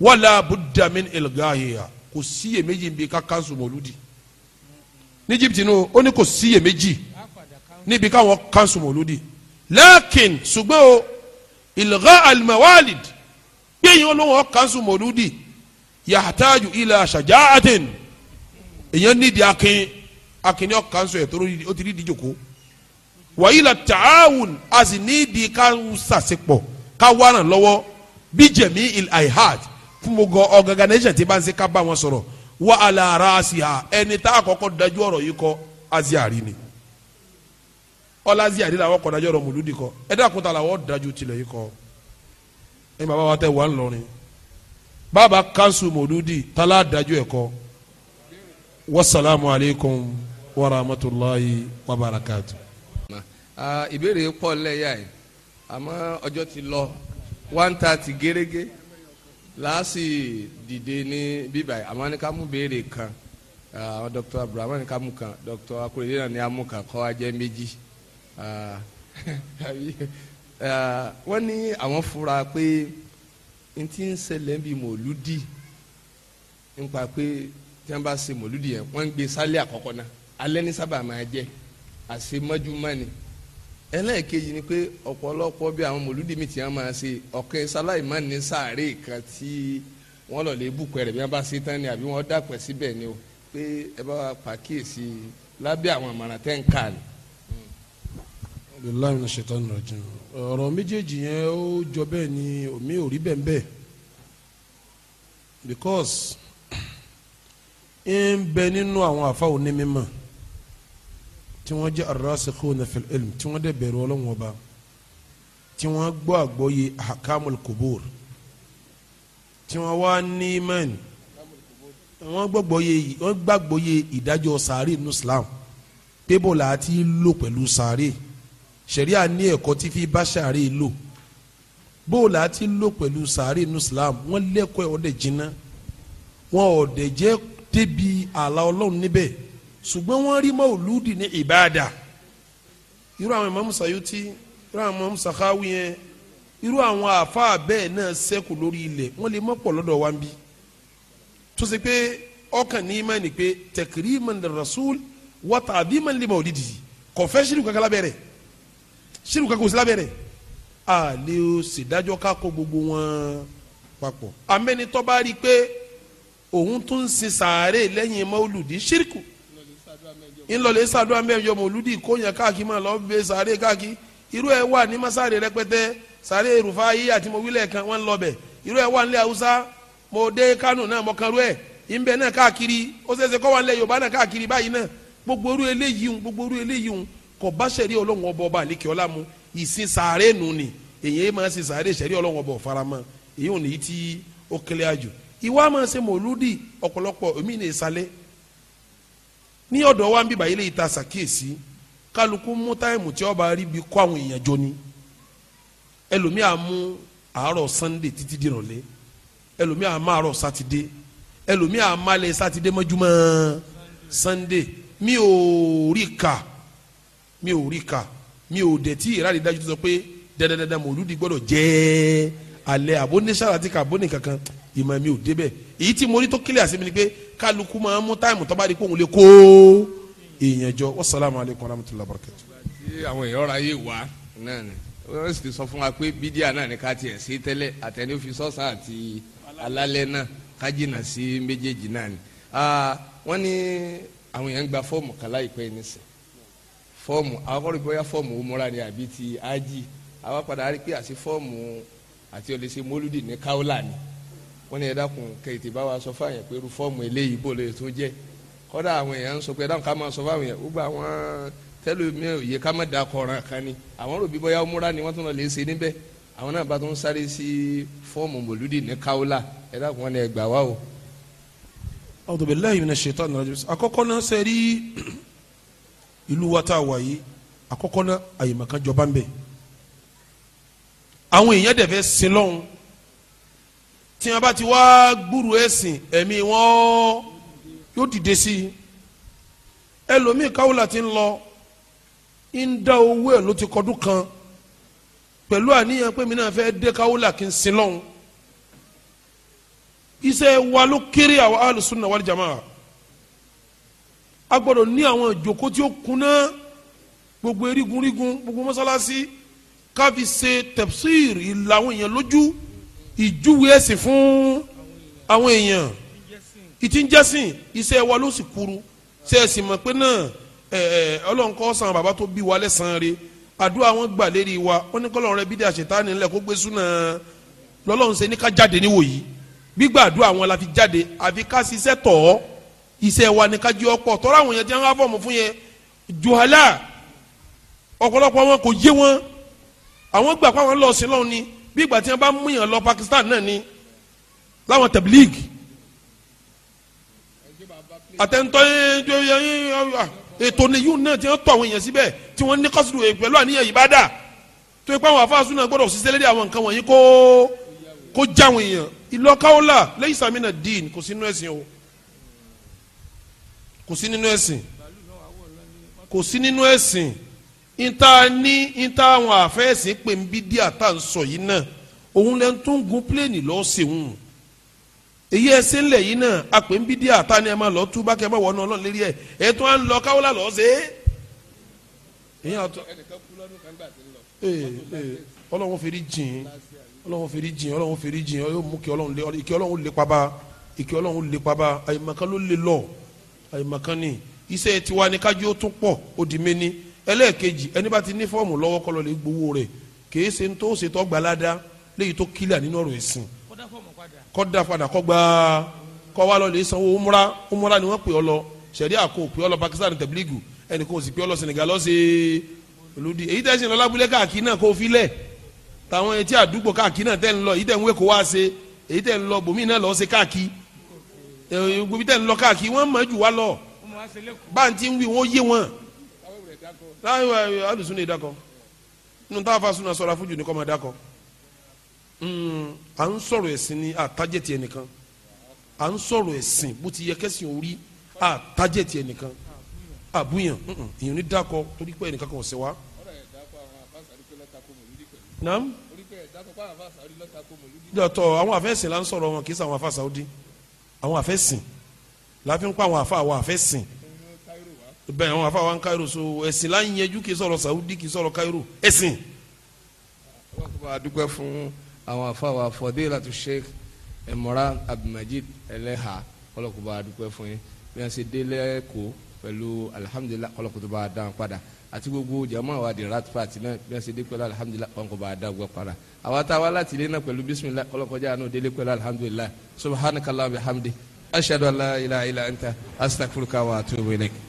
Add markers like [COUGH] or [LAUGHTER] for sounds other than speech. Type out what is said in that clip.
wala budda min ilgahiya kò síyèméjì bí ká kanṣu mọ̀lúdi ní jìbìtì nù ó ní kò síyèméjì níbi káwọn kanṣu mọ̀lúdi lakin ṣùgbọ́n o ilgha almawalid gbẹ̀yìn olóhùn kanṣu mọ̀lúdi yahtaju ila shaja'atin èyàn nídìí akin akin ní ọ kanṣu ẹ̀ tó ó ti rí ìdíjòkó wa ila ta'awun a sì nídìí ká sàṣepọ̀ ká wà ràn lọ́wọ́ bí il aihad fún gbogbo organisation tí bá ń ṣe ká bá wọn sọ̀rọ̀ wà á la ara sí a ẹni tá a kọ́kọ́ dájú ọ̀rọ̀ yìí kọ́ aziari ni ọlá aziari la wọ́n kọ́ dájú ọ̀rọ̀ mòlúdi kọ́ ẹ dákun ta la wọ́n dájú tilẹ̀ yìí kọ́ ẹ bàbá wa tẹ wà ń lọrin bàbá kanṣu mòlúdi tala dájú ẹ̀ kọ́ wasalaamualeykum wa rahmatulahi wa barakatu. ìbéèrè pọ̀ lẹ́yà yìí àmọ́ ọjọ́ ti lọ one thirty gẹ́gẹ́ láàsì dìde ní bíbà àmọ́ ní ká mú béèrè kan àwọn dr abraham ní ká mú kan dr akorede náà ní amú kan kọ́ ajẹ́ méjì [LAUGHS] wọ́n ní àwọn fura pé n ti ń ṣẹlẹ̀ ń bi mòlúdì nípa pé tí wọ́n bá ṣe mòlúdì yẹn wọ́n ń gbé sálẹ̀ àkọ́kọ́ náà alẹ́ ní sábà máa jẹ́ àṣemọ́júmọ́ ni ẹlẹ́ẹ̀kejì ni pé ọ̀pọ̀lọpọ̀ bí àwọn mòlúdì mi ti máa ṣe ọ̀kẹ́ sáláì má ní sáré kan tí wọ́n lọ lè bùkún rẹ̀ bí wọ́n bá ṣe tán ni àbí wọ́n dàpẹ́ síbẹ̀ ni o pé ẹ bá wa pàkíyèsí lábẹ́ àwọn àmọ̀ràn tẹ́ ń kà ní. abdullahi na ṣetán rajin ọ̀rọ̀ méjèèjì yẹn ó jọ bẹ́ẹ̀ ni omi ò rí bẹ́ẹ̀ bẹ́ẹ̀ because ń bẹ nínú àwọn àfa onímọ̀ tí wọ́n jẹ́ ar-rasikhuna fil ilm tí wọ́n dẹ̀ bẹ̀rù Ọlọ́run Ọba tí wọ́n gbọ́ àgbọ́yé ahkamul kubur tí wọ́n wá ní mẹ́ni wọ́n gbàgbọ́yé wọ́n gbàgbọ́yé ìdájọ́ sàárè nínú Islam pébò là á ti lò pẹ̀lú sàárè ṣẹ̀ríà ní ẹ̀kọ́ tí fi bá sàárè lò bó là lò pẹ̀lú sàárè nínú Islam wọ́n lẹ́kọ̀ọ́ ọ̀dẹ̀ jìnnà wọ́n ọ̀dẹ̀ jẹ́ débi àlà Ọlọ́run níbẹ̀ ṣùgbọ́n wọ́n rí mọ́wùlúdì ní ìbáàdà irú àwọn Imam Sayuti irú àwọn Imam Sakhawi yẹn irú àwọn àáfàá bẹ́ẹ̀ náà ṣẹ́kù lórí ilẹ̀ wọ́n lè mọ́pọ̀ lọ́dọ̀ wa ń bí tó ṣe pé ọkàn ní ìmọ̀ ni pé takriman rasul wa ta'dhiman li mawlidihi kò fẹ́ ṣírù kankan lábẹ́rẹ̀ ṣírù kankan kò sí lábẹ́rẹ̀ a lè ṣèdájọ́ ká kó gbogbo wọn papọ̀ amẹ́nitọ́ bá rí i pé òun tún ń sin sàárè lẹ́yìn mọ́wùlùdí ṣírìkù ńlọlẹ̀ sàdúrà mẹ́rin yọmọ olùdí kóyàn káàkiri máa lọ bẹ sàárè káàkiri irú ẹ̀ wà ní masáré rẹpẹtẹ sàárè rúfa yìí àti mo wílẹ̀ kan wọ́n ń lọbẹ̀ irú ẹ̀ wà nílẹ̀ haúsá mo dé kánò náà mo kan rú ẹ̀ ìbẹ̀ náà káàkiri ó ṣeéṣe kọ́ wà nílẹ̀ yorùbá náà káàkiri báyìí náà gbogbo orú eléyìí ń gbogbo orú eléyìí ń kò bá sẹ̀rí ọlọ́run ní ọ̀dọ̀ wa ń bíbà ilé ìta ṣàkíyèsí kálukú mú táìmù tí ọba rí bi kó àwọn èèyàn jọ ni ẹlòmíà mú àárọ̀ sunday títí dìrọ̀lẹ́ ẹlòmíà má àárọ̀ sátidé ẹlòmíà má lẹ sátidé mọ́júmọ́ sunday mi ò rí ka mi ò rí ka mi ò dẹ̀ tí ìrádi dájú tó sọ pé dandandandan mòlúdi gbọ́dọ̀ jẹ́ alẹ́ àbóníṣàlàtì kà àbóníkankan ìmọ̀ mi ò débẹ̀ èyí tí mo rí tó kílẹ̀ àsìmí ni pé kálukú máa ń mú táìmù tó bá di pé òun lè kó èèyàn jọ wasalaamu aleykum wa rahmatulahi wa barakatu. ṣé àwọn èèyàn ọ̀rọ̀ ayé wa náà ni wọ́n sì ti sọ fún wa pé bídíà náà ni ká tiẹ̀ sí tẹ́lẹ̀ àtẹni ó fi sọ́sà àti alálẹ́ náà ká jìnnà sí méjèèjì náà ni. wọ́n ní àwọn èèyàn gba fọ́ọ̀mù kàlá ìpẹ́ nísìn fọ́ọ̀mù akọ́rọ̀ bóyá fọ́ọ̀mù umura ni àbí ti ájì àwọn padà rí pé àti fọ́ọ̀mù àti olèsè mólúdì ní káwọ́là ni wọ́n ní ẹ dákun kẹ̀tì bá wa sọ fún àyàn pé irú fọ́ọ̀mù eléyìí bò lè tó jẹ́ kọ́dà àwọn èèyàn ń sọ pé ẹ dákun ká máa sọ fún àwọn èèyàn gbogbo àwọn tẹ́lómi òye ká má da kọ̀ọ̀ràn kan ni àwọn rò bí múra ni wọ́n tún lọ lè ṣe níbẹ̀ àwọn náà bá tún sáré sí fọ́ọ̀mù mòlúdì ní káwọ́là ẹ dákun wọn ni ẹ gbà wá o. A'udhu billahi minash shaitani rajim àkọ́kọ́ náà tí wọn bá ti wá gbúrú ẹ̀sìn ẹ̀mí wọn yóò dìde sí i ẹlòmíì káwọlà ti ń lọ ń dá owó ẹ̀ ló ti kọdún kan pẹ̀lú àníyàn pé mi náà fẹ́ dé káwọlà kí n sin lọ́hùn iṣẹ́ wa ló kéré àwọn alùsùn náà wal jamaa a gbọ́dọ̀ ní àwọn ìjókòó tí ó kúnná gbogbo erigun gbogbo mọ́sálásí káfi ṣe tafsir ìlà èèyàn lójú ìjúwe ẹ̀sìn fún àwọn èèyàn ìtí ń jẹ́sìn iṣẹ́ wa ló sì kúrú ṣe é sì mọ̀ pé náà ọlọ́run kó san bàbá tó bí wa lẹ́sàn-án rẹ̀ àdúrà wọn gbà lérí wa wọn ní kọ́lọ́run rẹ bídí àṣetánì ńlẹ̀ kó gbé súnà lọ́lọ́run ṣe ní ká jáde níwò yìí gbígbà àdúrà wọn la fi jáde àfi ká ṣiṣẹ́ tọ̀ ọ́ iṣẹ́ wa ní ká jẹ́ ọ̀pọ̀ tọ́ra àwọn yẹn tí wọ́n á fọ̀mù fún yẹn juhala ọ̀pọ̀lọpọ̀ wọn kò yé wọn àwọn gbà pé lọ́ọ̀sìn lọ́hùn ni bí ìgbà tí wọ́n bá mú yàn lọ Pakistan náà ni láwọn tablig àtẹ̀ntọ́ eh, eh, eh, ètò nìyí náà tí wọ́n tọ̀ àwọn èèyàn síbẹ̀ tí wọ́n ní kọ́sùrù pẹ̀lú àníyàn ìbádà tó ipá àwọn afáàsù náà gbọ́dọ̀ ṣiṣẹ́ lédè àwọn nǹkan wọ̀nyí kó kó já àwọn èèyàn ìlọ́kàwọ́là lẹ́yìn sàmínà dín kò sí nínú ẹ̀sìn o kò sí nínú ẹ̀sìn kò sí nínú ẹ̀sìn ìta ní ìta àwọn àfẹ́sìn pé ń bí díà tá à ń sọ yìí náà òun lẹ́nu tó ń gun pléènì lọ́ọ́ sèwọ̀n èyí ẹsẹ̀ ńlẹ̀ yìí náà àpè ń bí díà tá ni ẹ máa lọ tú bá kẹ́ ẹ máa wọ̀ ọ́ náà lọ́n lérí ẹ̀ ẹ̀ tó à ń lọ káwọ́lá lọ́ọ́ sè é. ọlọ́run fèrè jìn ọlọ́run fèrè jìn ọlọ́run fèrè jìn yóò mú kí ọlọ́run lé ìkẹ́ ọlọ́run lé paba ìkẹ́ ọlọ́run lé paba àyèmàkan ló lé lọ àyèmàkan ni iṣẹ́ tiwa ni kájú ó tún pọ̀ ó di méní ẹlẹ́ẹ̀kejì ẹni bá ti ní fọ́ọ̀mù lọ́wọ́ kọ́ lọ lè gbowó rẹ̀ kìí ṣe tó ṣe tó gbalada léyìí tó kílẹ̀ nínú ọ̀rọ̀ ẹ̀sìn kọ́ da padà kọ́ gbà kọ́ wa lọ lè sanwó umra umra ni wọ́n pè ọ lọ sẹ̀ríà kò pè ọ lọ Pakistan tẹ̀blígù ẹnì kò sì pè ọ lọ Senegal lọ́sẹ̀ olùdí èyí tẹ̀sí lọ lábúlé káàkiri náà kó filẹ̀ tàwọn etí àdúgbò káàkiri náà tẹ̀ ń lọ èyí láyé alùsùn ní ìdákọ nínú tá a fa súnà sọ̀rọ̀ afújù ní kọ́ máa dákọ hmm, à ń sọ̀rọ̀ ẹ̀sìn ní àtàjẹ̀tì ẹnìkan à ń sọ̀rọ̀ ẹ̀sìn bó ti yẹ kẹ́sìn orí àtàjẹ̀tì ẹnìkan àbúyàn èèyàn ní dákọ torí pé ẹnìkan kan ò sẹ́wà. naam dọ̀tọ̀ àwọn àfẹ́sìn là ń sọ̀rọ̀ wọn kì í sọ àwọn àfàsà ó dín àwọn àfẹ́sìn láfi ń pa àwọn àfa àwọn àfẹ́sìn bẹ́ẹ̀ wọn afa wa ń Cairo so ẹ̀sìn la ń yẹjú kì í sọ̀rọ̀ Saudi kì í sọ̀rọ̀ Cairo ẹ̀sìn. wọ́n kò bá dúpẹ́ fún àwọn afa wa Fadilatu Sheikh Imran Abdulmajid Eleha kọ́lọ́ kò bá dúpẹ́ fún yín bí wọ́n ṣe délé kó pẹ̀lú alihamudulilayi kọ́lọ́ kò tó bá dán padà àti gbogbo jama wa di rat party náà bí wọ́n ṣe dé pẹ̀lú alihamudulilayi kọ́lọ́ kò padà àwa tá a wá láti ilé náà pẹ̀lú bisimilayi kọ́lọ́ kọjá délé pẹ̀lú alihamudulilayi subhanakallah bihamdi ashadu an la ilaha illa anta astaghfiruka wa atubu ilayk.